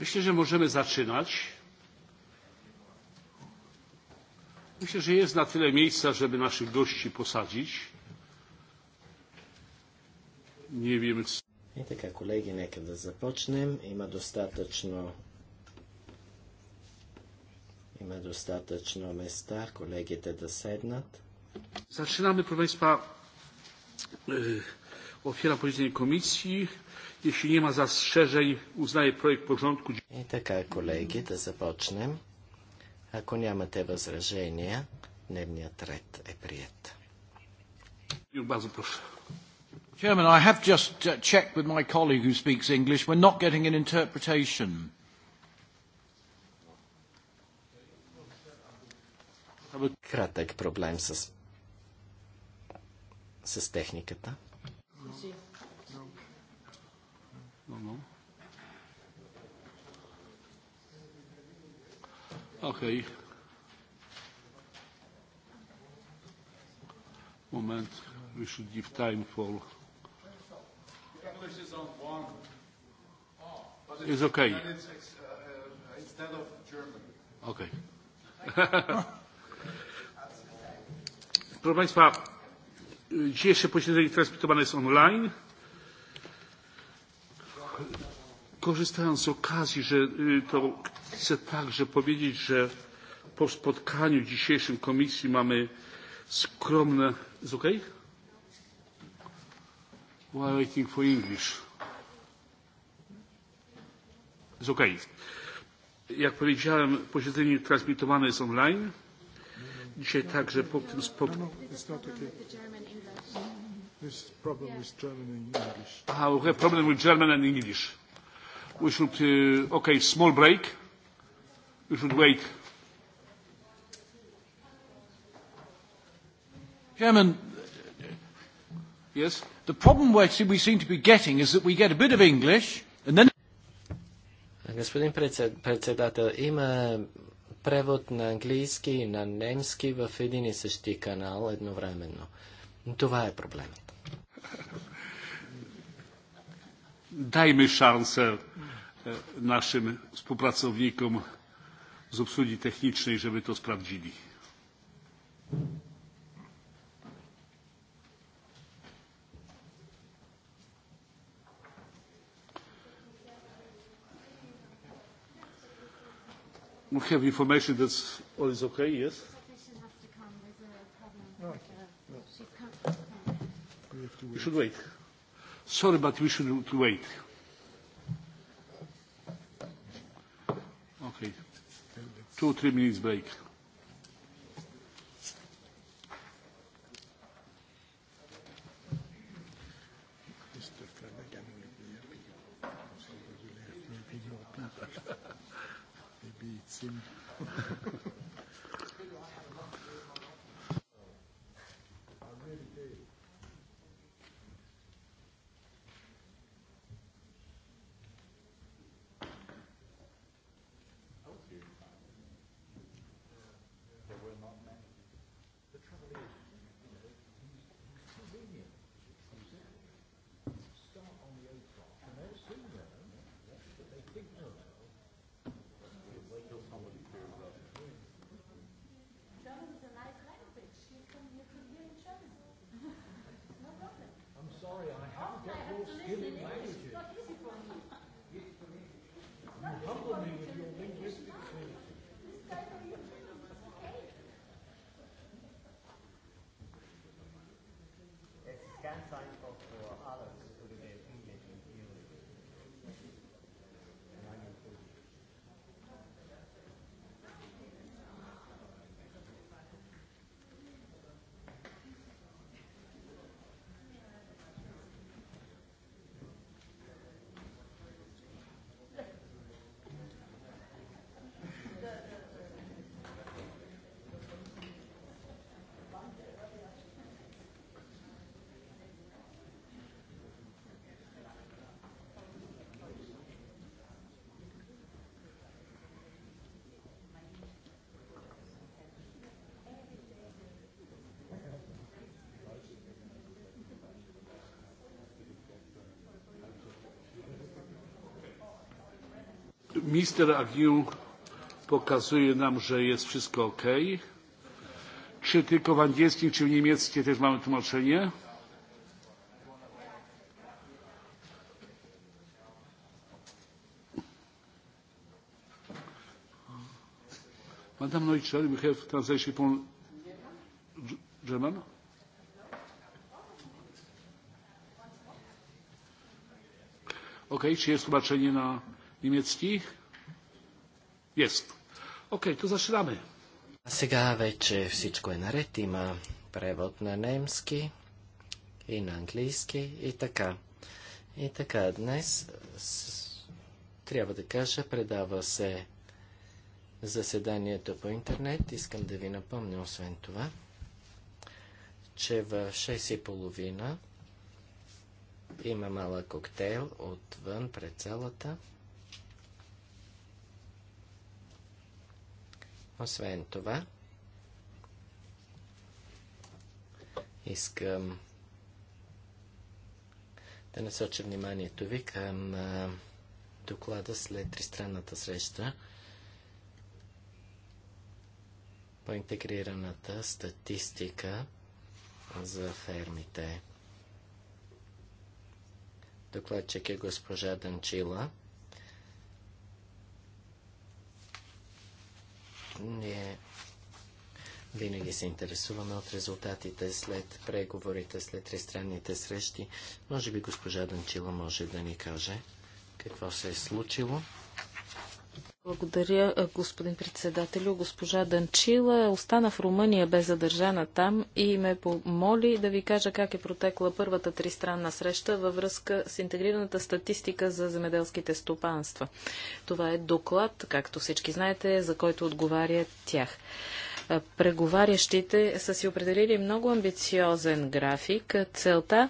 Myślę, że możemy zaczynać. Myślę, że jest na tyle miejsca, żeby naszych gości posadzić. Nie wiem. И така, колеги, нека да започнем. Има достатъчно има достатъчно места, колегите да седнат. Зачинаме, професор, Otwieram posiedzenie komisji. Jeśli nie ma zastrzeżeń, uznaję projekt porządku. I tak, И така, колеги, да започнем. Ако нямате възражения, дневният tret e priet. Bardzo proszę. Chairman, I have just checked with my colleague who speaks English. We're not getting an interpretation. Кратък проблем с, с техниката. No, no. Okay. Moment, we should give time for... It's okay. Instead of German. Okay. Proszę Państwa, dzisiejsze posiedzenie transmitowane jest online. Korzystając z okazji, że to chcę także powiedzieć, że po spotkaniu dzisiejszym komisji mamy skromne. While waiting for English. Jak powiedziałem, posiedzenie transmitowane jest online. Dzisiaj także po tym spotkaniu. problem with German and English we should, uh, okay, small break. We should wait. Chairman, yes? The problem where we seem to be getting is that we get a bit of English and then... Господин председател, има превод на английски и на немски в един и същи канал едновременно. Това е проблемът dajmy szansę naszym współpracownikom z obsługi technicznej, żeby to sprawdzili. We have information that's all is okay, yes? We should wait. Sorry, but we should wait. Okay. Two, three minutes break. Maybe it's him. website Minister Agnew pokazuje nam, że jest wszystko ok. Czy tylko w angielskim, czy w niemieckim też mamy tłumaczenie? Madame Neutscher, we have translation from German? okay, czy jest tłumaczenie na Niemieckich? Jest. Окей, то зачинаме. А сега вече всичко е наред. Има превод на немски и на английски и така. И така, днес с... трябва да кажа, предава се заседанието по интернет. Искам да ви напомня, освен това, че в 6.30 има малък коктейл отвън пред залата. Освен това, искам да насоча вниманието ви към доклада след тристранната среща по интегрираната статистика за фермите. Докладчик е госпожа Данчила. Ние винаги се интересуваме от резултатите след преговорите, след тристранните срещи. Може би госпожа Данчила може да ни каже какво се е случило. Благодаря, господин председател. Госпожа Данчила е остана в Румъния бе задържана там и ме помоли да ви кажа как е протекла първата тристранна среща във връзка с интегрираната статистика за земеделските стопанства. Това е доклад, както всички знаете, за който отговаря тях. Преговарящите са си определили много амбициозен график. Целта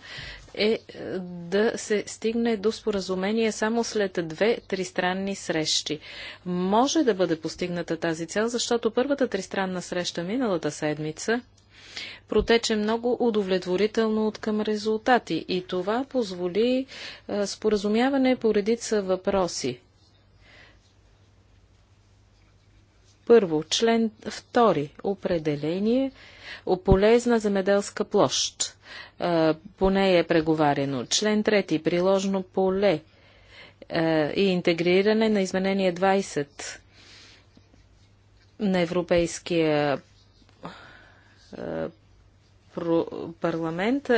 е, е да се стигне до споразумение само след две тристранни срещи. Може да бъде постигната тази цел, защото първата тристранна среща миналата седмица протече много удовлетворително от към резултати и това позволи споразумяване по редица въпроси. Първо, член 2. Определение полезна земеделска площ. По нея е преговарено. Член 3. Приложно поле и интегриране на изменение 20 на Европейския парламент,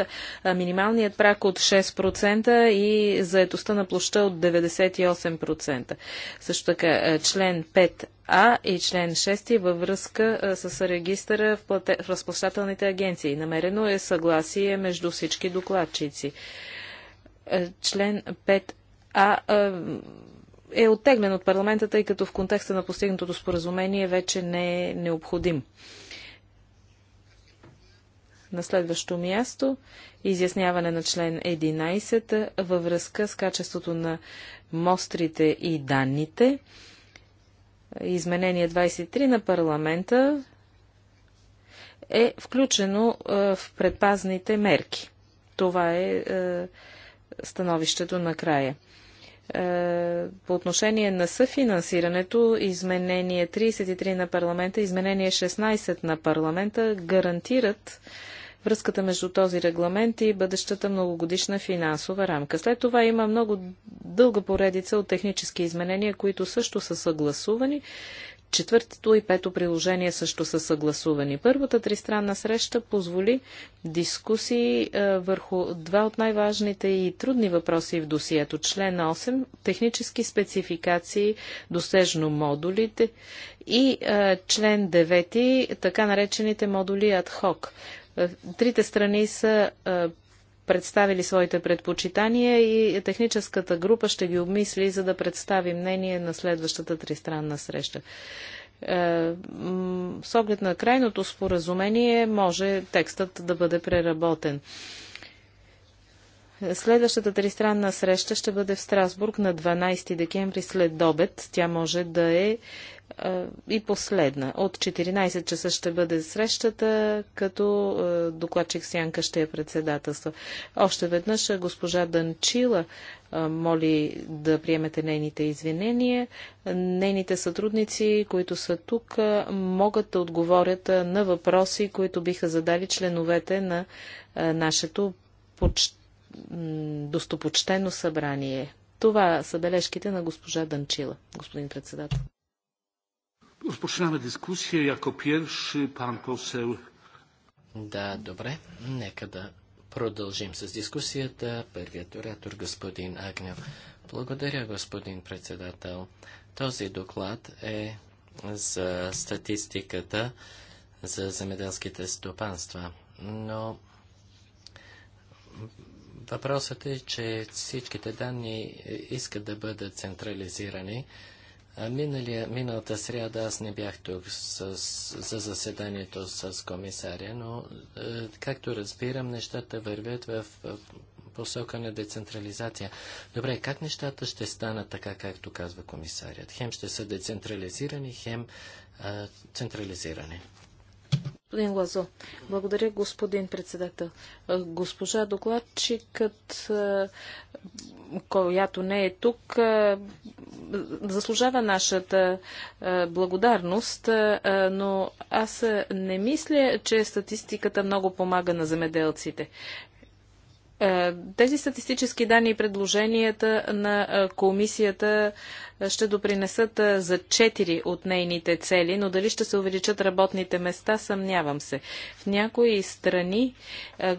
минималният прак от 6% и заетостта на площа от 98%. Също така член 5 а и член 6 във връзка с регистъра в, плате... в разплащателните агенции. Намерено е съгласие между всички докладчици. Е, член 5а а, е оттеглен от парламента, тъй като в контекста на постигнатото споразумение вече не е необходим. На следващо място изясняване на член 11 във връзка с качеството на мострите и данните изменение 23 на парламента е включено е, в предпазните мерки. Това е, е становището на края. Е, по отношение на съфинансирането, изменение 33 на парламента, изменение 16 на парламента гарантират връзката между този регламент и бъдещата многогодишна финансова рамка. След това има много дълга поредица от технически изменения, които също са съгласувани. Четвъртото и пето приложение също са съгласувани. Първата тристранна среща позволи дискусии е, върху два от най-важните и трудни въпроси в досието. Член 8 – технически спецификации, досежно модулите и е, член 9 – така наречените модули хок. Е, трите страни са е, представили своите предпочитания и техническата група ще ги обмисли, за да представи мнение на следващата тристранна среща. Е, с оглед на крайното споразумение може текстът да бъде преработен. Следващата тристранна среща ще бъде в Страсбург на 12 декември след обед. Тя може да е и последна. От 14 часа ще бъде срещата, като докладчик Сянка ще е председателства. Още веднъж госпожа Данчила моли да приемете нейните извинения. Нейните сътрудници, които са тук, могат да отговорят на въпроси, които биха задали членовете на нашето поч... достопочтено събрание. Това са бележките на госпожа Данчила, господин председател. Rozpoczynamy dyskusję. Jako pierwszy pan poseł. Да, добре. Нека да продължим с дискусията. Първият оратор, господин Агнев. Благодаря, господин председател. Този доклад е за статистиката за земеделските стопанства. Но въпросът е, че всичките данни искат да бъдат централизирани. Миналия, миналата сряда аз не бях тук с, с, за заседанието с комисаря, но е, както разбирам, нещата вървят в в посока на децентрализация. Добре, как нещата ще станат така, както казва комисарят? Хем ще са децентрализирани, хем е, централизирани. Господин Лазо, благодаря, господин председател. Е, госпожа докладчикът, е, която не е тук, е, заслужава нашата благодарност, но аз не мисля, че статистиката много помага на земеделците. Е, тези статистически данни и предложенията на е, комисията е, ще допринесат за четири от нейните цели, но дали ще се увеличат работните места, съмнявам се. В някои страни,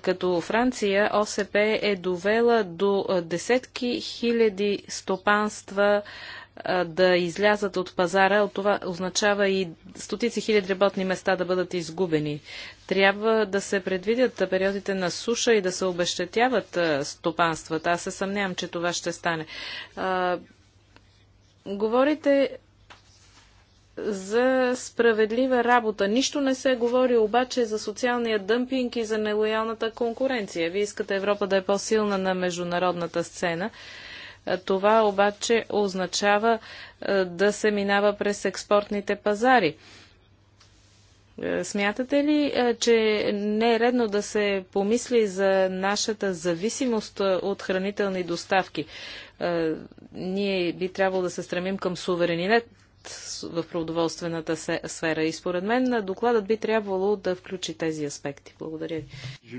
като Франция, ОСП е довела до десетки хиляди стопанства да излязат от пазара, от това означава и стотици хиляди работни места да бъдат изгубени. Трябва да се предвидят периодите на суша и да се обещетяват стопанствата. Аз се съмнявам, че това ще стане. А, говорите за справедлива работа. Нищо не се говори обаче за социалния дъмпинг и за нелоялната конкуренция. Вие искате Европа да е по-силна на международната сцена. Е, това обаче означава е, да се минава през експортните пазари. Е, смятате ли, че не е редно да се помисли за нашата зависимост от хранителни доставки? Ние би трябвало да се стремим към суверенитет в продоволствената сфера и според мен докладът би трябвало да включи тези аспекти. Благодаря ви.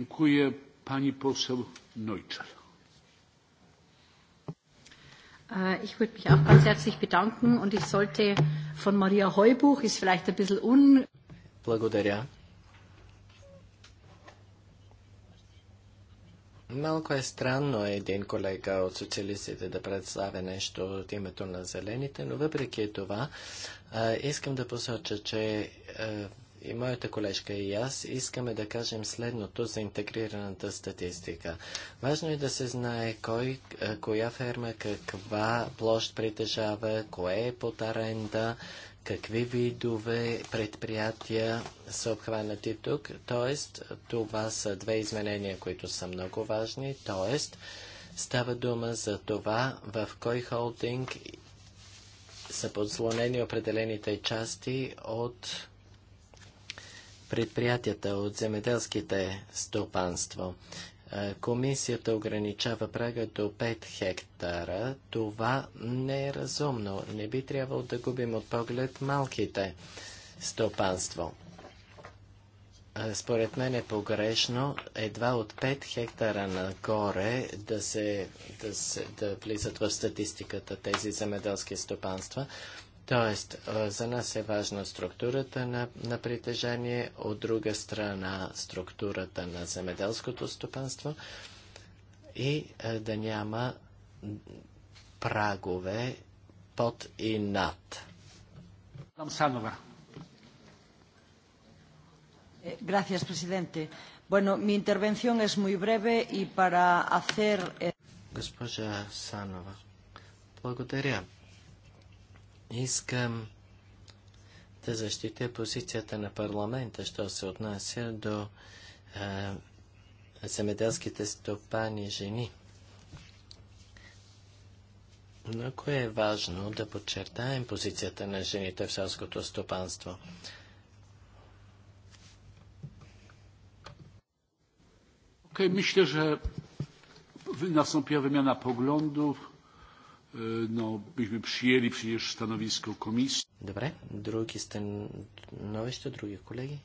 Дякую, пани посел Нойчер. Äh, ich würde mich auch ganz herzlich bedanken und ich sollte von Maria Heubuch, ist vielleicht ein bisschen un... Благодаря. Малко е странно един колега от социалистите да представя нещо от името на зелените, но въпреки това искам да посоча, че и моята колежка и аз искаме да кажем следното за интегрираната статистика. Важно е да се знае кой, е, коя ферма, каква площ притежава, кое е под аренда, какви видове предприятия са обхванати тук. Тоест, това са две изменения, които са много важни. Тоест, става дума за това в кой холдинг са подслонени определените части от предприятията, от земеделските стопанства. Е, комисията ограничава прага до 5 хектара. Това не е разумно. Не би трябвало да губим от поглед малките стопанство. Е, според мен е погрешно едва от 5 хектара нагоре да, се, да, се, да влизат в статистиката тези земеделски стопанства, Тоест, за нас е важна структурата на, на притежание, от друга страна структурата на земеделското стопанство и да няма прагове под и над. Gracias, presidente. Е, bueno, mi intervención es muy breve y para hacer... Госпожа Санова, благодаря. Искам да защитя позицията на парламента, що се отнася до а, земеделските стопани жени. Много е важно да подчертаем позицията на жените в селското стопанство. Okay, myślę, że nastąpiła wymiana погледов. E, no, byśmy przyjęli przecież stanowisko komisji. Dobre, drugi stanowisko, други колеги.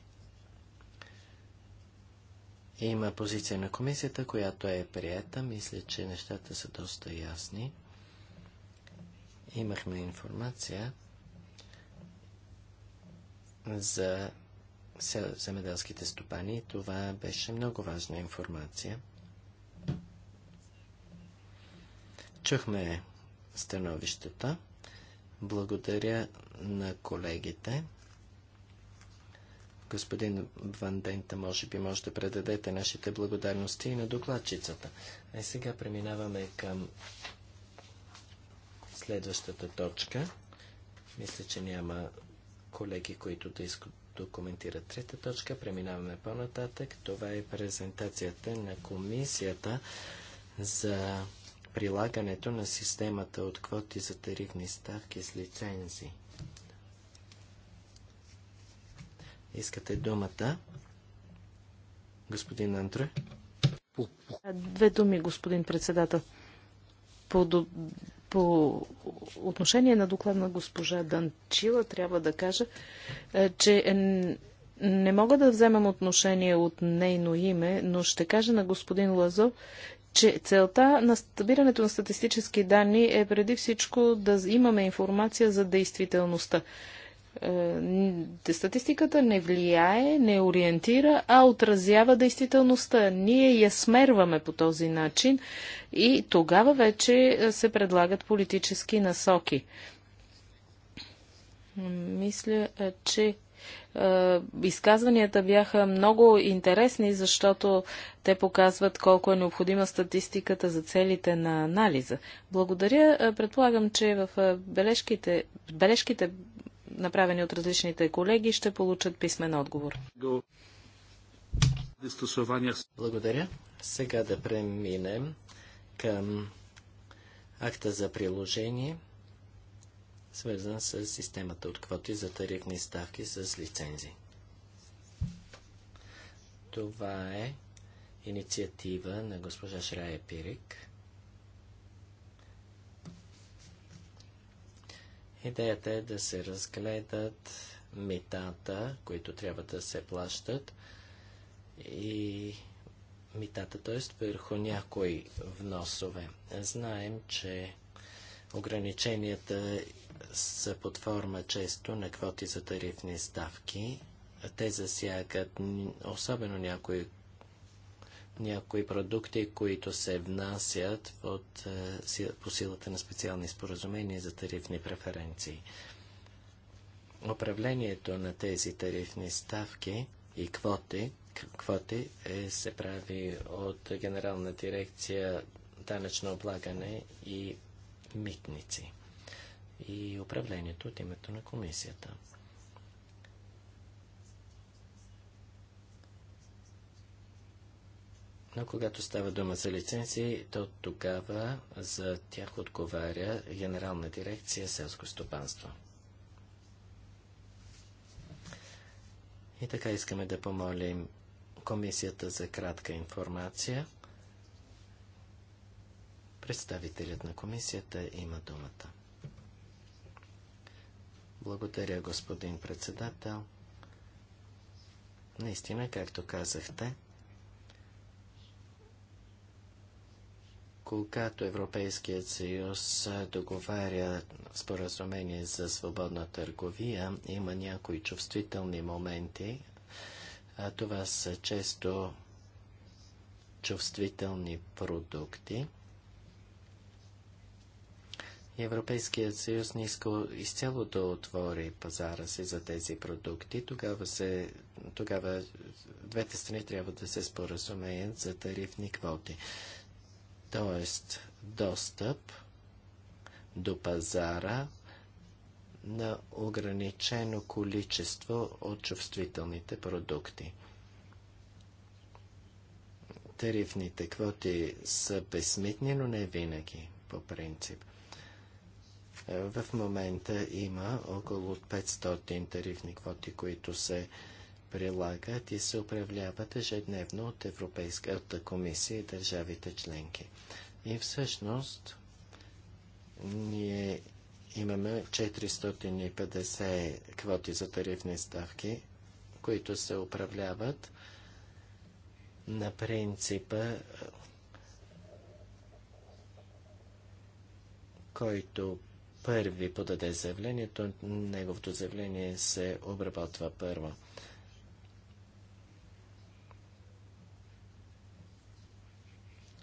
Има позиция на комисията, която е прията. Мисля, че нещата са доста ясни. Имахме информация за земеделските стопани. Това беше много важна информация. Чухме становищата. Благодаря на колегите. Господин Ван Дента, може би може да предадете нашите благодарности и на докладчицата. А сега преминаваме към следващата точка. Мисля, че няма колеги, които да документират трета точка. Преминаваме по-нататък. Това е презентацията на комисията за прилагането на системата от квоти за тарифни ставки с лицензи. Искате думата? Господин Андре. Две думи, господин председател. По, по отношение на доклад на госпожа Данчила трябва да кажа, е, че не мога да вземам отношение от нейно име, но ще кажа на господин Лазов че целта на събирането на статистически данни е преди всичко да имаме информация за действителността. Е, статистиката не влияе, не ориентира, а отразява действителността. Ние я смерваме по този начин и тогава вече е, се предлагат политически насоки. Мисля, е, че е, изказванията бяха много интересни, защото те показват колко е необходима статистиката за целите на анализа. Благодаря. Е, предполагам, че в е, бележките, бележките направени от различните колеги, ще получат писмен отговор. Благодаря. Сега да преминем към акта за приложение свързан с системата от квоти за тарифни ставки с лицензи. Това е инициатива на госпожа Шрая Пирик. Идеята е да се разгледат митата, които трябва да се плащат и митата, т.е. върху някои вносове. Знаем, че ограниченията са под форма често на квоти за тарифни ставки. Те засягат особено някои, някои продукти, които се внасят от, е, по силата на специални споразумения за тарифни преференции. Управлението на тези тарифни ставки и квоти, квоти е, се прави от Генерална дирекция данъчно облагане и митници и управлението от името на комисията. Но когато става дума за лицензии, то тогава за тях отговаря Генерална дирекция селско стопанство. И така искаме да помолим комисията за кратка информация. Представителят на комисията има думата. Благодаря, господин председател. Наистина, както казахте, когато Европейският съюз договаря споразумение за свободна търговия, има някои чувствителни моменти. А това са често чувствителни продукти. Европейският съюз не иска изцяло да отвори пазара си за тези продукти, тогава, се, тогава двете страни трябва да се споразумеят за тарифни квоти. Тоест, достъп до пазара на ограничено количество от чувствителните продукти. Тарифните квоти са безсмитни, но не винаги, по принцип. Е, в момента има около 500 тарифни квоти, които се прилагат и се управляват ежедневно от Европейската комисия и държавите членки. И всъщност ние имаме 450 квоти за тарифни ставки, които се управляват на принципа, който първи подаде заявлението, неговото заявление се обработва първо.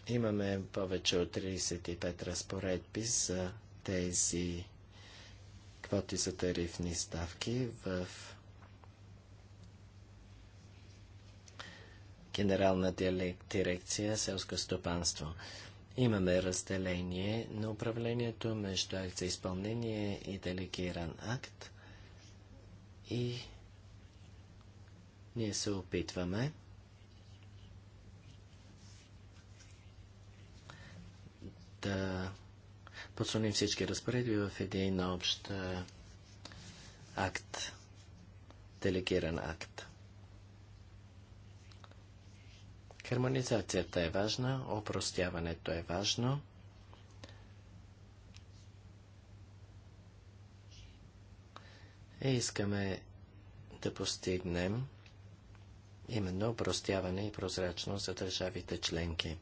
Имаме повече от 35 разпоредби за тези квоти за тарифни ставки в Генерална дирекция селско стопанство. Имаме разделение на управлението между акт за изпълнение и делегиран акт и ние се опитваме да подсуним всички разпоредби в един общ акт, делегиран акт. Хармонизацията е важна, опростяването е важно. И искаме да постигнем именно опростяване и прозрачност за държавите членки.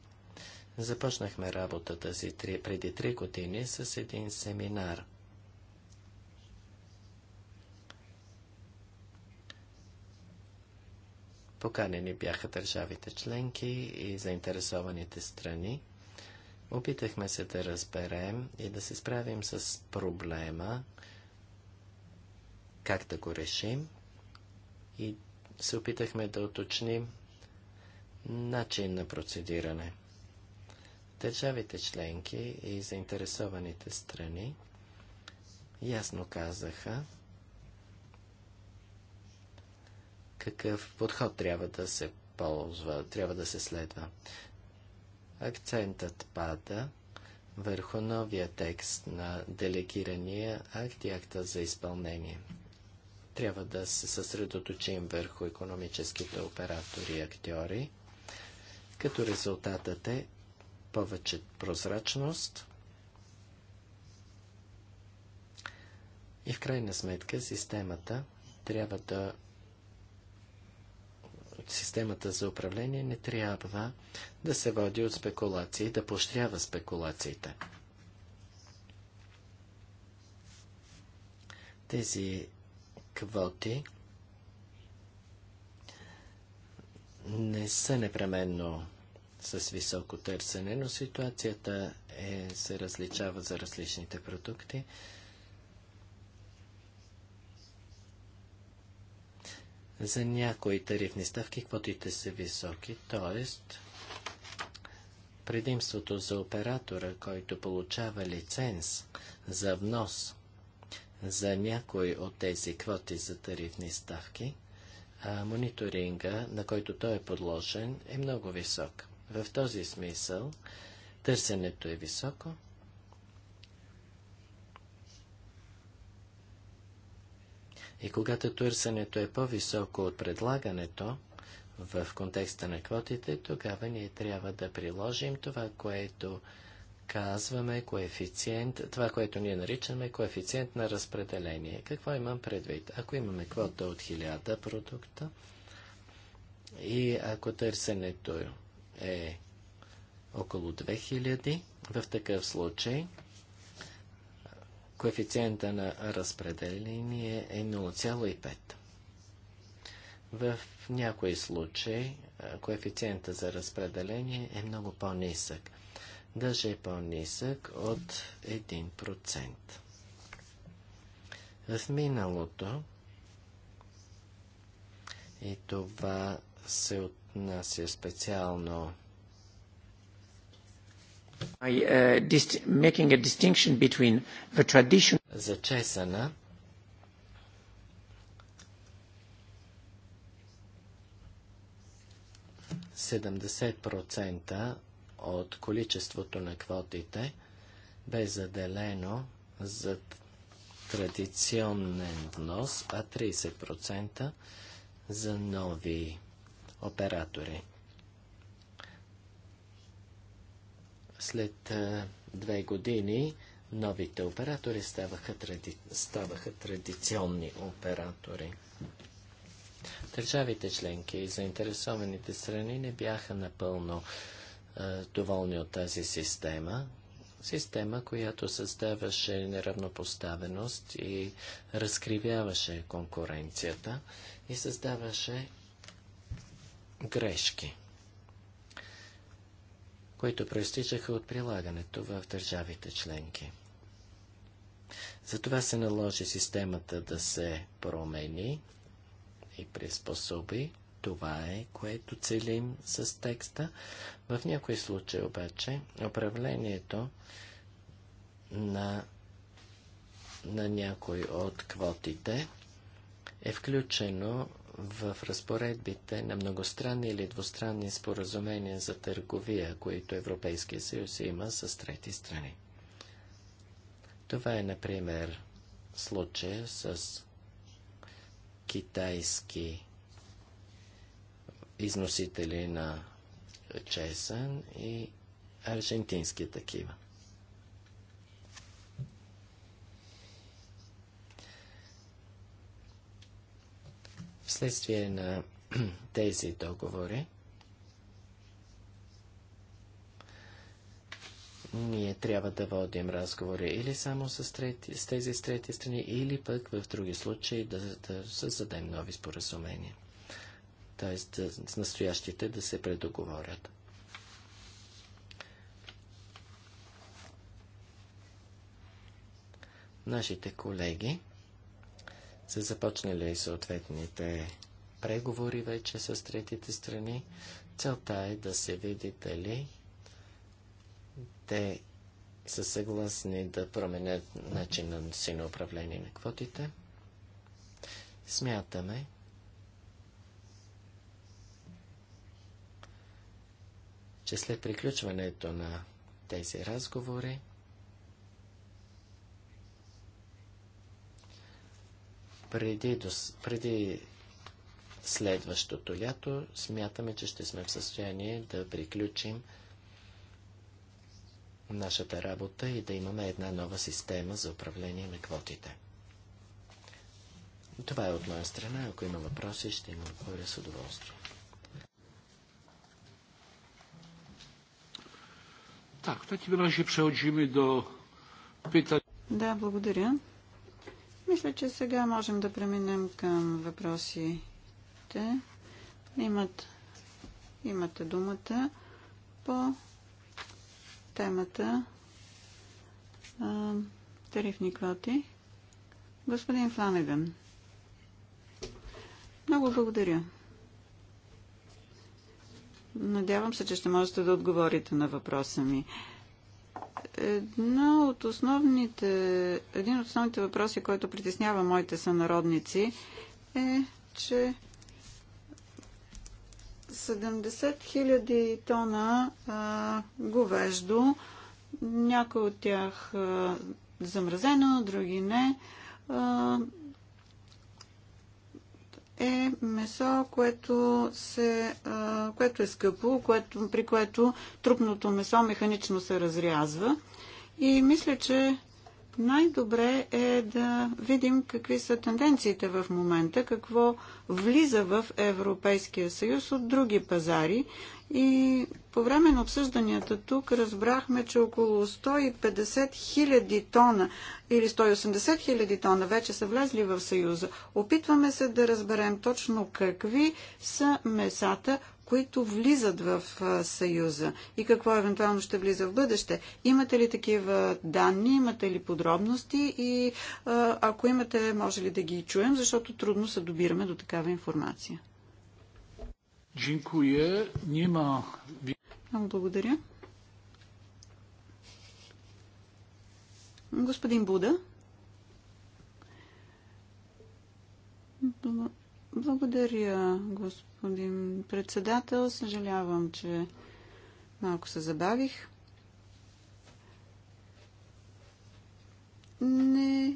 Започнахме работата си три, преди три години с един семинар – Поканени бяха държавите членки и заинтересованите страни. Опитахме се да разберем и да се справим с проблема, как да го решим и се опитахме да уточним начин на процедиране. Държавите членки и заинтересованите страни ясно казаха, какъв подход трябва да се ползва, трябва да се следва. Акцентът пада върху новия текст на делегирания акт и акта за изпълнение. Трябва да се съсредоточим върху економическите оператори и актьори, като резултатът е повече прозрачност и в крайна сметка системата трябва да системата за управление не трябва да се води от спекулации, да поощрява спекулациите. Тези квоти не са непременно с високо търсене, но ситуацията е, се различава за различните продукти. За някои тарифни ставки квотите са високи, т.е. предимството за оператора, който получава лиценз за внос за някой от тези квоти за тарифни ставки, а мониторинга, на който той е подложен, е много висок. В този смисъл търсенето е високо, И когато търсенето е по-високо от предлагането, в контекста на квотите, тогава ние трябва да приложим това, което казваме коефициент, това, което ние наричаме коефициент на разпределение. Какво имам предвид? Ако имаме квота от 1000 продукта и ако търсенето е около 2000, в такъв случай Коефициента на разпределение е 0,5. В някои случаи коефициента за разпределение е много по-нисък. Даже е по-нисък от 1%. В миналото и това се отнася специално Uh, за чесана седемдесет процента от количеството на квотите бе заделено за традиционен внос, а 30% за нови оператори. След две години новите оператори ставаха, тради... ставаха традиционни оператори. Държавите членки и заинтересованите страни не бяха напълно е, доволни от тази система. Система, която създаваше неравнопоставеност и разкривяваше конкуренцията и създаваше грешки които проистичаха от прилагането в държавите членки. Затова се наложи системата да се промени и приспособи. Това е, което целим с текста. В някои случаи обаче управлението на, на някой от квотите е включено в разпоредбите на многостранни или двустранни споразумения за търговия, които Европейския съюз има с трети страни. Това е, например, случая с китайски износители на чесън и аржентински такива. Вследствие на тези договори, ние трябва да водим разговори или само с, трети, с тези с трети страни, или пък в други случаи да, да създадем нови споразумения. Тоест да, с настоящите да се предоговорят. Нашите колеги са започнали съответните преговори вече с третите страни. Целта е да се види дали те са съгласни да променят начина си на управление на квотите. Смятаме, че след приключването на тези разговори преди, преди следващото лято смятаме, че ще сме в състояние да приключим нашата работа и да имаме една нова система за управление на квотите. Това е от моя страна. Ако има въпроси, ще им отговоря с удоволствие. Так, в таким разе до питания. Да, благодаря. Мисля, че сега можем да преминем към въпросите. Имат, имате думата по темата а, тарифни квоти. Господин Фланеган. Много благодаря. Надявам се, че ще можете да отговорите на въпроса ми. Едно от основните, един от основните въпроси, който притеснява моите сънародници е, че 70 000 тона а, говеждо, някои от тях а, замразено, други не, а, е месо, което, се, което е скъпо, което, при което трупното месо механично се разрязва. И мисля, че най-добре е да видим какви са тенденциите в момента, какво влиза в Европейския съюз от други пазари. И по време на обсъжданията тук разбрахме, че около 150 хиляди тона или 180 хиляди тона вече са влезли в Съюза. Опитваме се да разберем точно какви са месата, които влизат в Съюза и какво евентуално ще влиза в бъдеще. Имате ли такива данни, имате ли подробности и ако имате, може ли да ги чуем, защото трудно се добираме до такава информация. Dziękuję. Nie ma... Много благодаря. Господин Буда. Благодаря, господин председател. Съжалявам, че малко се забавих. Не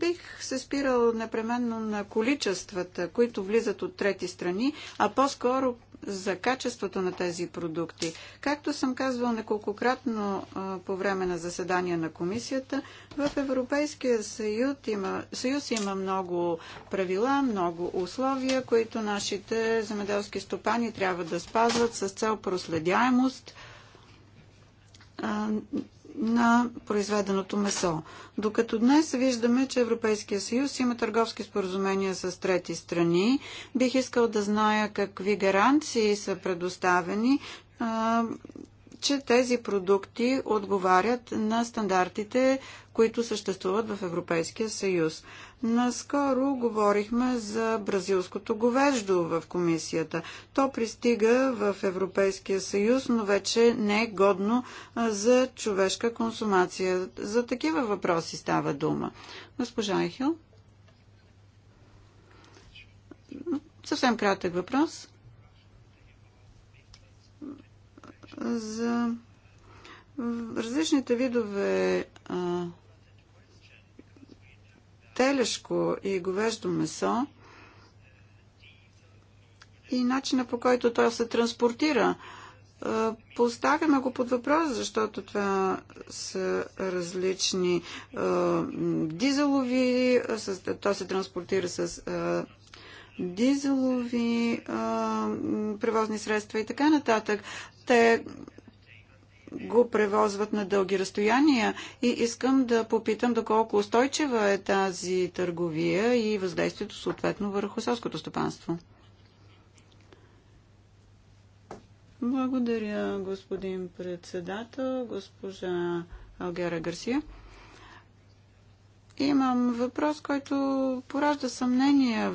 бих се спирал непременно на количествата, които влизат от трети страни, а по-скоро за качеството на тези продукти. Както съм казвал неколкократно по време на заседания на комисията, в Европейския съюз има, съюз има много правила, много условия, които нашите земеделски стопани трябва да спазват с цел проследяемост на произведеното месо. Докато днес виждаме, че Европейския съюз има търговски споразумения с трети страни, бих искал да зная какви гаранции са предоставени че тези продукти отговарят на стандартите, които съществуват в Европейския съюз. Наскоро говорихме за бразилското говеждо в комисията. То пристига в Европейския съюз, но вече не е годно за човешка консумация. За такива въпроси става дума. Госпожа Айхил? Съвсем кратък въпрос. за различните видове а, телешко и говеждо месо и начина по който то се транспортира. Поставяме го под въпрос, защото това са различни а, дизелови, с, то се транспортира с а, дизелови а, превозни средства и така нататък. Те го превозват на дълги разстояния и искам да попитам доколко устойчива е тази търговия и въздействието съответно върху селското стопанство. Благодаря, господин председател, госпожа Алгера Гарсия. Имам въпрос, който поражда съмнение.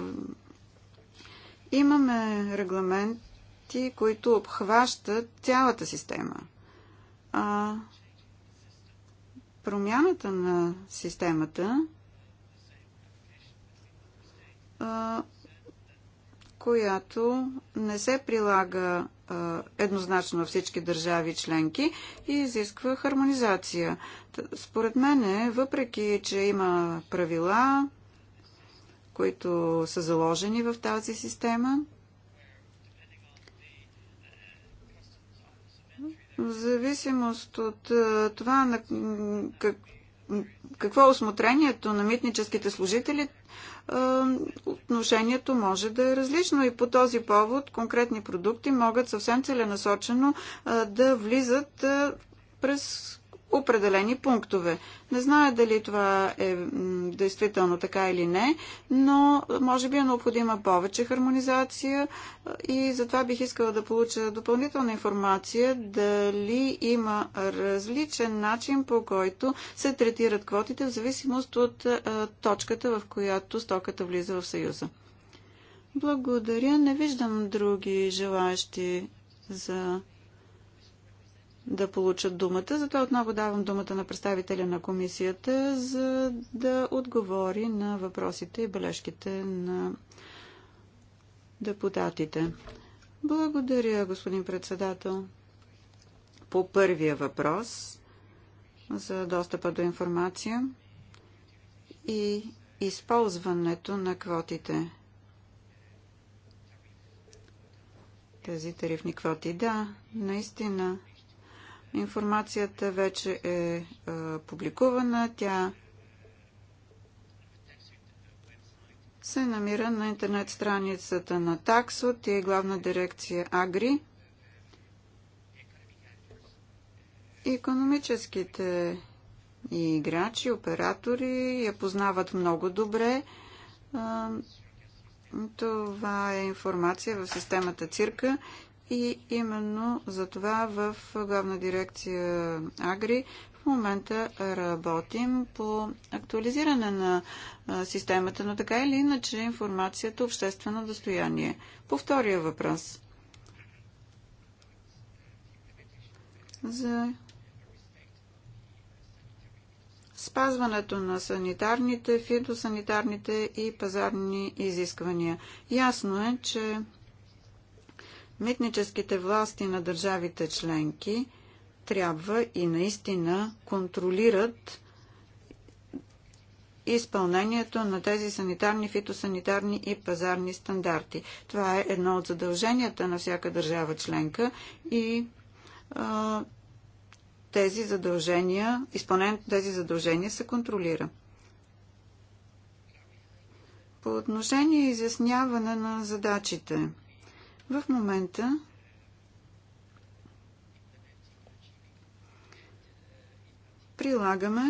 Имаме регламент проекти, които обхващат цялата система. А промяната на системата, а, която не се прилага а, еднозначно във всички държави членки и изисква хармонизация. Според мен, въпреки, че има правила, които са заложени в тази система, в зависимост от това на как, какво е осмотрението на митническите служители, отношението може да е различно и по този повод конкретни продукти могат съвсем целенасочено да влизат през определени пунктове. Не зная дали това е действително така или не, но може би е необходима повече хармонизация и затова бих искала да получа допълнителна информация дали има различен начин по който се третират квотите в зависимост от точката, в която стоката влиза в Съюза. Благодаря. Не виждам други желаящи за да получат думата. Затова отново давам думата на представителя на комисията, за да отговори на въпросите и бележките на депутатите. Благодаря, господин председател. По първия въпрос за достъпа до информация и използването на квотите. Тези тарифни квоти, да, наистина Информацията вече е, е публикувана. Тя се намира на интернет страницата на Таксот и главна дирекция Агри. Економическите играчи, оператори я познават много добре. Това е информация в системата Цирка и именно за това в главна дирекция Агри в момента работим по актуализиране на системата, но така или иначе информацията обществено достояние. По втория въпрос. За спазването на санитарните, фитосанитарните и пазарни изисквания. Ясно е, че митническите власти на държавите членки трябва и наистина контролират изпълнението на тези санитарни, фитосанитарни и пазарни стандарти. Това е едно от задълженията на всяка държава членка и а, тези задължения, изпълнението на тези задължения се контролира. По отношение изясняване на задачите – в момента прилагаме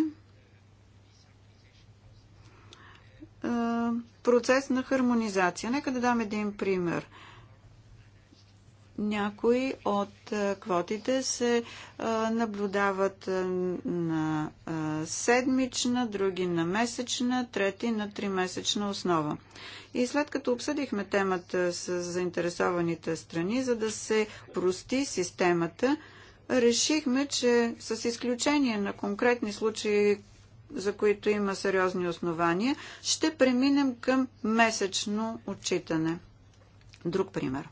процес на хармонизация. Нека да дам един пример. Някои от е, квотите се е, наблюдават е, на седмична, други на месечна, трети на тримесечна основа. И след като обсъдихме темата с заинтересованите страни, за да се прости системата, решихме, че с изключение на конкретни случаи, за които има сериозни основания, ще преминем към месечно отчитане. Друг пример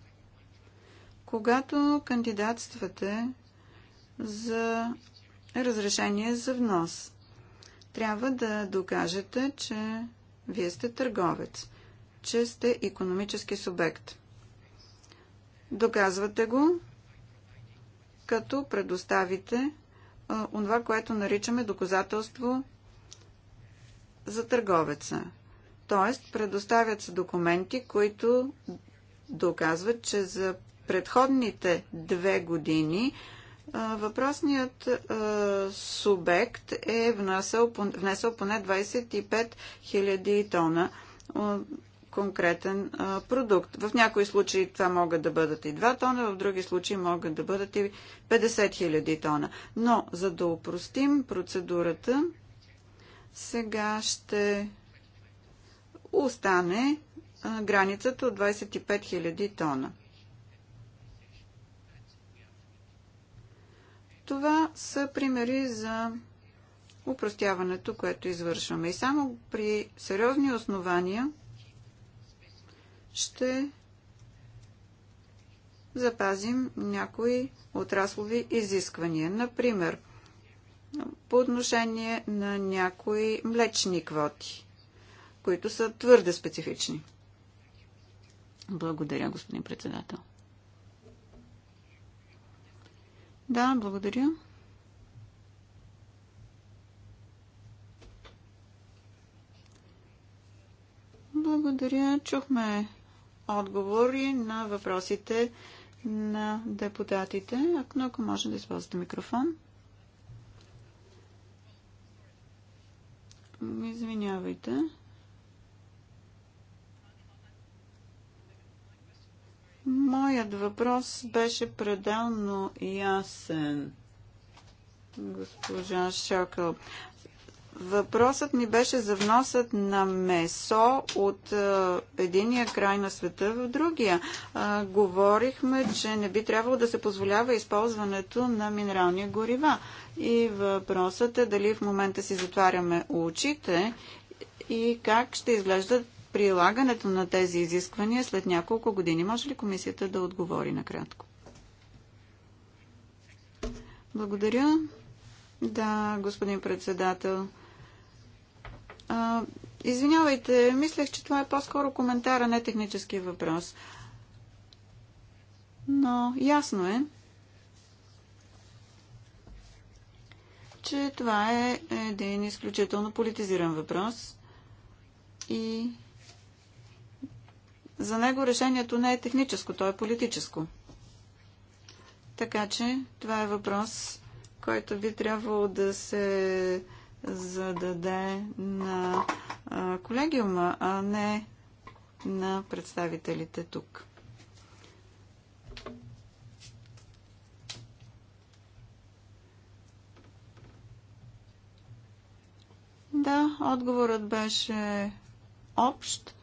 когато кандидатствате за разрешение за внос. Трябва да докажете, че вие сте търговец, че сте економически субект. Доказвате го, като предоставите това, което наричаме доказателство за търговеца. Тоест, предоставят се документи, които доказват, че за предходните две години въпросният субект е внесъл, внесъл поне 25 000 тона конкретен продукт. В някои случаи това могат да бъдат и 2 тона, в други случаи могат да бъдат и 50 000 тона. Но за да упростим процедурата, сега ще остане границата от 25 000 тона. Това са примери за упростяването, което извършваме. И само при сериозни основания ще запазим някои отраслови изисквания. Например, по отношение на някои млечни квоти, които са твърде специфични. Благодаря, господин председател. Да, благодаря. Благодаря. Чухме отговори на въпросите на депутатите. Ако, ако може да използвате микрофон. Извинявайте. Моят въпрос беше пределно ясен, госпожа Шокъл. Въпросът ми беше за вносът на месо от единия край на света в другия. говорихме, че не би трябвало да се позволява използването на минерални горива. И въпросът е дали в момента си затваряме очите и как ще изглеждат прилагането на тези изисквания след няколко години. Може ли комисията да отговори накратко? Благодаря. Да, господин председател. А, извинявайте, мислех, че това е по-скоро коментар, а не технически въпрос. Но ясно е, че това е един изключително политизиран въпрос и за него решението не е техническо, то е политическо. Така че това е въпрос, който би трябвало да се зададе на колегиума, а не на представителите тук. Да, отговорът беше общ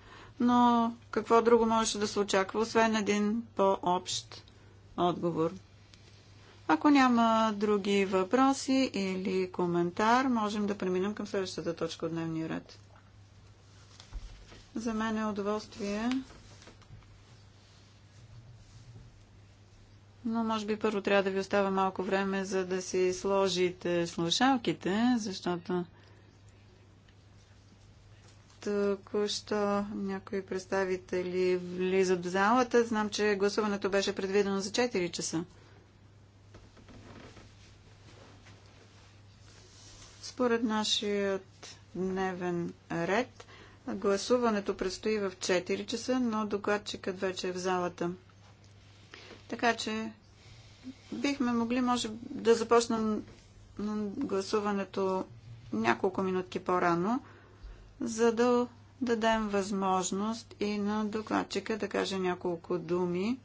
но какво друго можеше да се очаква, освен един по-общ отговор? Ако няма други въпроси или коментар, можем да преминем към следващата точка от дневния ред. За мен е удоволствие, но може би първо трябва да ви оставя малко време, за да си сложите слушалките, защото Току-що някои представители влизат в залата. Знам, че гласуването беше предвидено за 4 часа. Според нашият дневен ред, гласуването предстои в 4 часа, но докладчикът вече е в залата. Така че бихме могли, може, да започнем гласуването няколко минутки по-рано за да дадем възможност и на докладчика да каже няколко думи,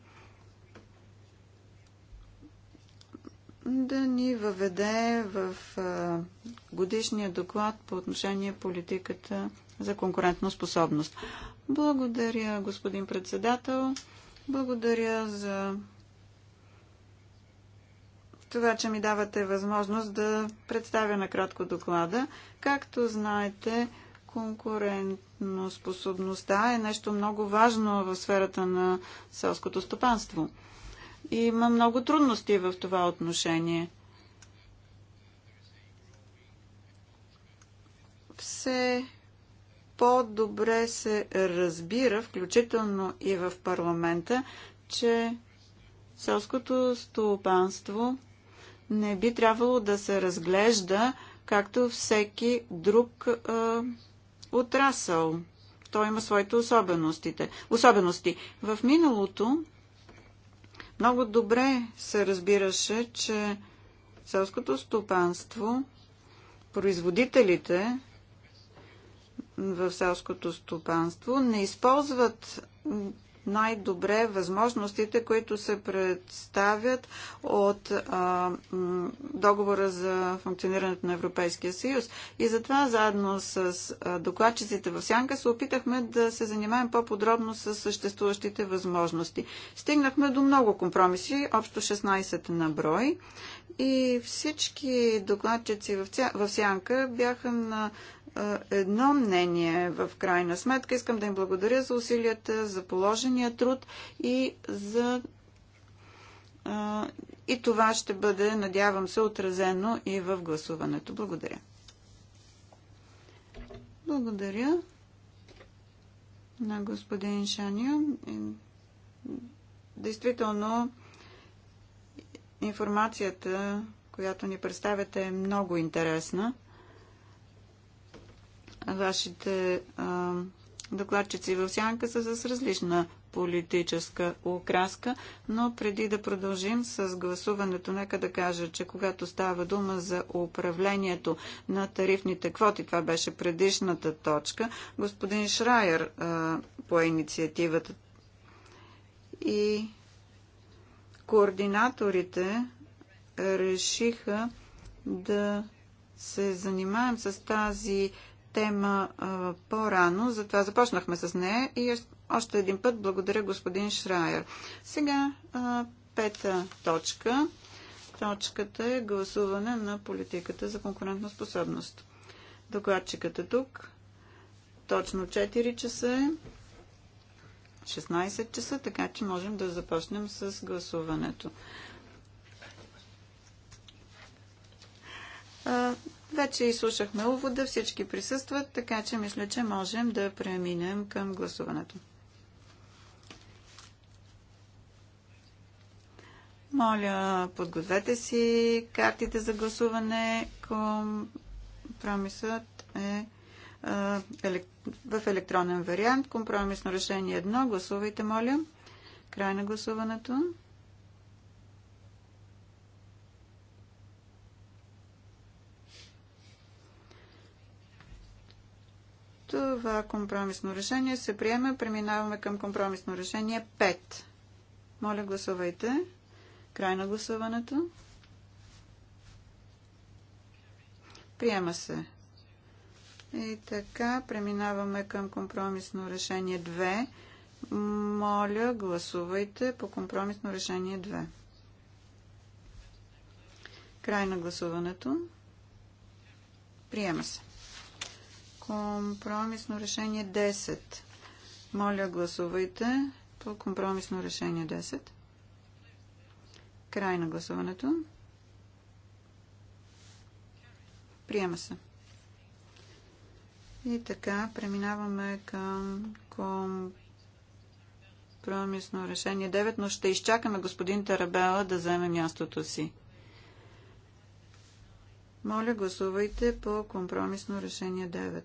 да ни въведе в годишния доклад по отношение политиката за конкурентна способност. Благодаря, господин председател. Благодаря за това, че ми давате възможност да представя накратко доклада. Както знаете, Конкурентно способността е нещо много важно в сферата на селското стопанство. И има много трудности в това отношение. Все по-добре се разбира, включително и в парламента, че селското стопанство не би трябвало да се разглежда както всеки друг а, отрасъл. Той има своите особеностите. особености. В миналото много добре се разбираше, че селското стопанство, производителите в селското стопанство не използват най-добре възможностите, които се представят от а, договора за функционирането на Европейския съюз. И затова заедно с докладчиците в Сянка се опитахме да се занимаем по-подробно с съществуващите възможности. Стигнахме до много компромиси, общо 16 на брой и всички докладчици в, Сянка бяха на едно мнение в крайна сметка. Искам да им благодаря за усилията, за положения труд и за и това ще бъде, надявам се, отразено и в гласуването. Благодаря. Благодаря на господин Шанио. Действително, Информацията, която ни представяте, е много интересна. Вашите а, докладчици в сянка са с различна политическа окраска, но преди да продължим с гласуването, нека да кажа, че когато става дума за управлението на тарифните квоти, това беше предишната точка, господин Шрайер а, по инициативата и Координаторите решиха да се занимаем с тази тема по-рано, затова започнахме с нея и още един път благодаря господин Шрайер. Сега а, пета точка. Точката е гласуване на политиката за конкурентна способност. Докладчикът е тук. Точно 4 часа е. 16 часа, така че можем да започнем с гласуването. Вече изслушахме увода, всички присъстват, така че мисля, че можем да преминем към гласуването. Моля, подгответе си картите за гласуване. Компромисът е в електронен вариант. Компромисно решение 1. Гласувайте, моля. Край на гласуването. Това компромисно решение се приема. Преминаваме към компромисно решение 5. Моля, гласувайте. Край на гласуването. Приема се. И така, преминаваме към компромисно решение 2. Моля, гласувайте по компромисно решение 2. Край на гласуването. Приема се. Компромисно решение 10. Моля, гласувайте по компромисно решение 10. Край на гласуването. Приема се. И така, преминаваме към компромисно решение 9, но ще изчакаме господин Тарабела да вземе мястото си. Моля, гласувайте по компромисно решение 9.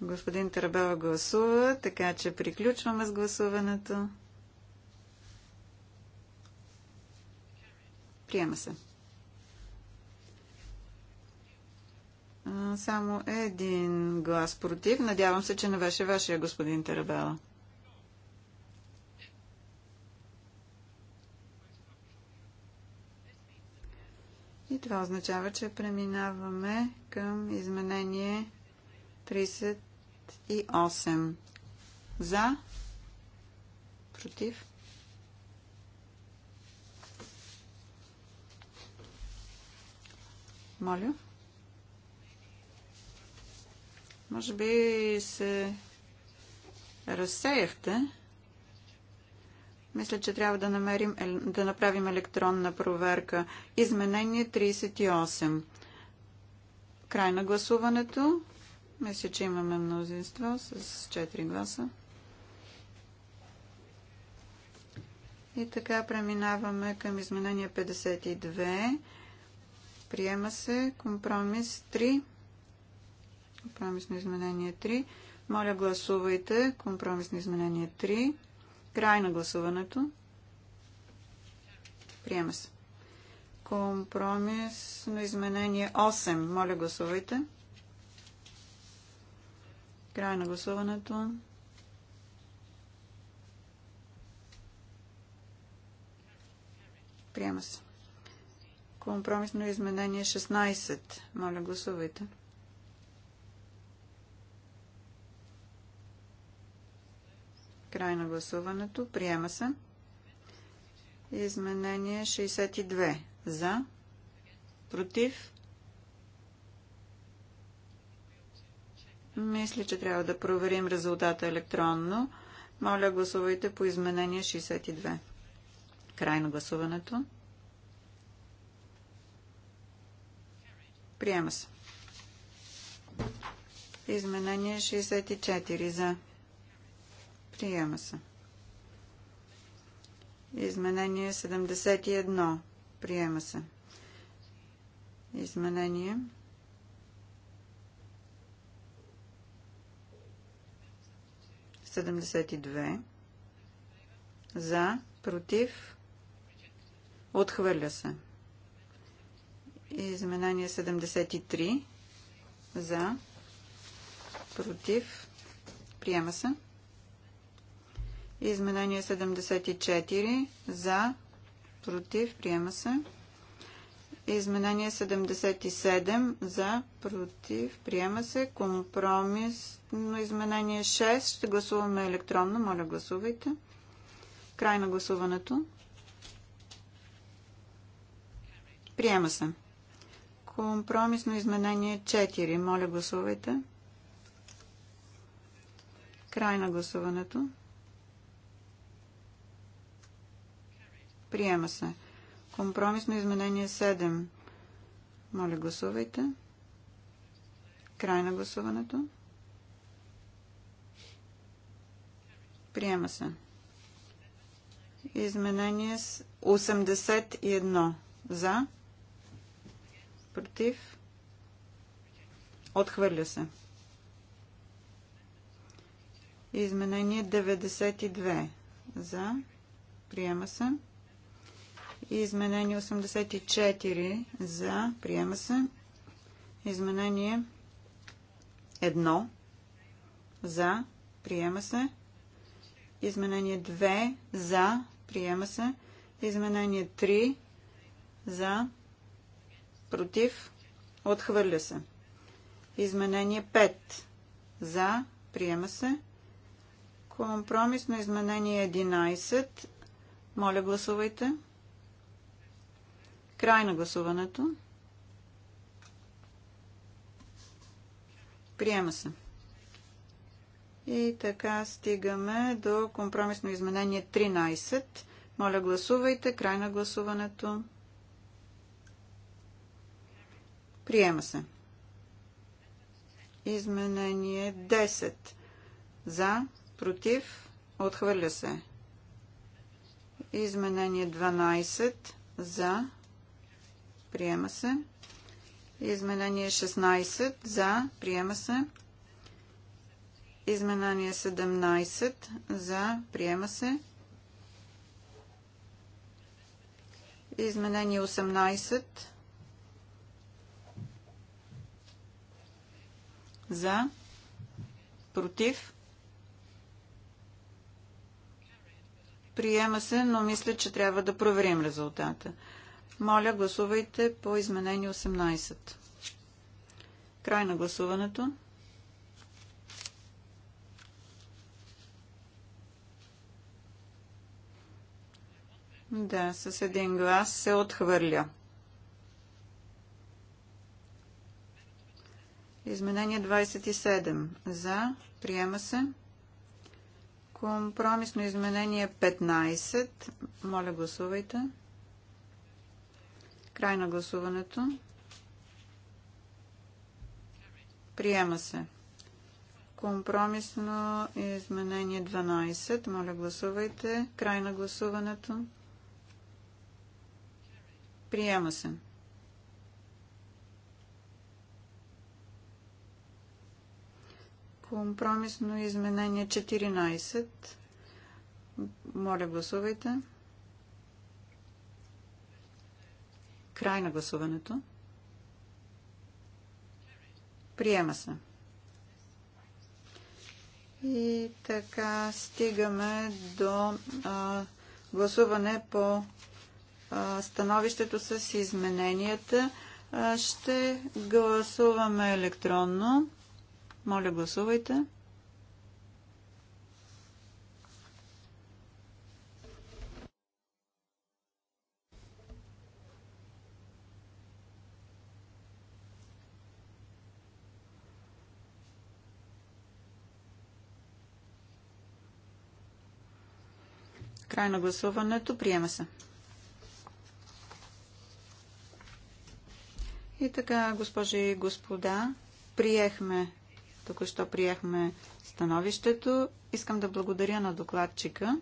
Господин Тарабела гласува, така че приключваме с гласуването. Приема се. само един глас против. Надявам се, че не беше вашия господин Тарабела. И това означава, че преминаваме към изменение 38. За? Против? Моля? Може би се разсеяхте. Мисля, че трябва да, намерим, да направим електронна проверка. Изменение 38. Край на гласуването. Мисля, че имаме мнозинство с 4 гласа. И така преминаваме към изменение 52. Приема се компромис 3. Компромисно изменение 3. Моля, гласувайте. Компромисно изменение 3. Край на гласуването. Приема се. Компромисно изменение 8. Моля, гласувайте. Край на гласуването. Приема се. Компромисно изменение 16. Моля, гласувайте. Край на гласуването. Приема се. Изменение 62. За. Против. Мисля, че трябва да проверим резултата електронно. Моля, гласувайте по изменение 62. Край на гласуването. Приема се. Изменение 64 за. Приема се. Изменение 71. Приема се. Изменение. Седемдесет и две. За. Против. Отхвърля се. Изменение 73. За. Против. Приема се. Изменение 74 за, против, приема се. Изменение 77 за, против, приема се. Компромисно изменение 6. Ще гласуваме електронно. Моля, гласувайте. Край на гласуването. Приема се. Компромисно изменение 4. Моля, гласувайте. Край на гласуването. Приема се. Компромисно изменение 7. Моля, гласувайте. Край на гласуването. Приема се. Изменение 81. За. Против. Отхвърля се. Изменение 92. За. Приема се. Изменение 84 за. Приема се. Изменение 1 за. Приема се. Изменение 2 за. Приема се. Изменение 3 за. Против. Отхвърля се. Изменение 5 за. Приема се. Компромисно изменение 11. Моля гласувайте. Край на гласуването. Приема се. И така стигаме до компромисно изменение 13. Моля, гласувайте. Край на гласуването. Приема се. Изменение 10. За, против, отхвърля се. Изменение 12. За, приема се. Изменение 16 за, приема се. Изменение 17 за, приема се. Изменение 18 за, против. Приема се, но мисля, че трябва да проверим резултата. Моля, гласувайте по изменение 18. Край на гласуването. Да, с един глас се отхвърля. Изменение 27. За. Приема се. Компромисно изменение 15. Моля, гласувайте. Край на гласуването. Приема се. Компромисно изменение 12. Моля, гласувайте. Край на гласуването. Приема се. Компромисно изменение 14. Моля, гласувайте. Край на гласуването. Приема се. И така стигаме до а, гласуване по а, становището с измененията. А, ще гласуваме електронно. Моля, гласувайте. Край на гласуването. Приема се. И така, госпожи и господа, приехме, току-що приехме становището. Искам да благодаря на докладчика,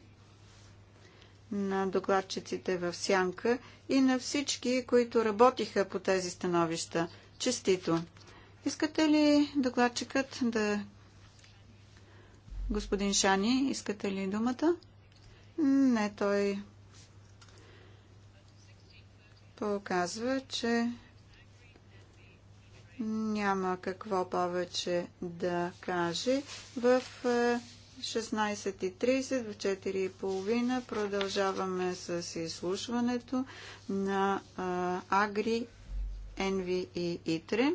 на докладчиците в Сянка и на всички, които работиха по тези становища. Честито! Искате ли докладчикът да... Господин Шани, искате ли думата? Не, той показва, че няма какво повече да каже. В 16.30, е, в 4.30 продължаваме с изслушването на е, Агри, Енви и Итре. Е,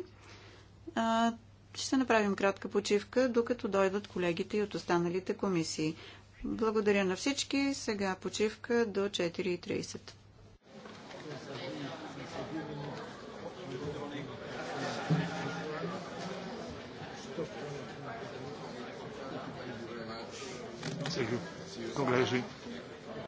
ще направим кратка почивка, докато дойдат колегите и от останалите комисии. Благодаря на всички. Сега почивка до 4.30. Thank you. Congratulations.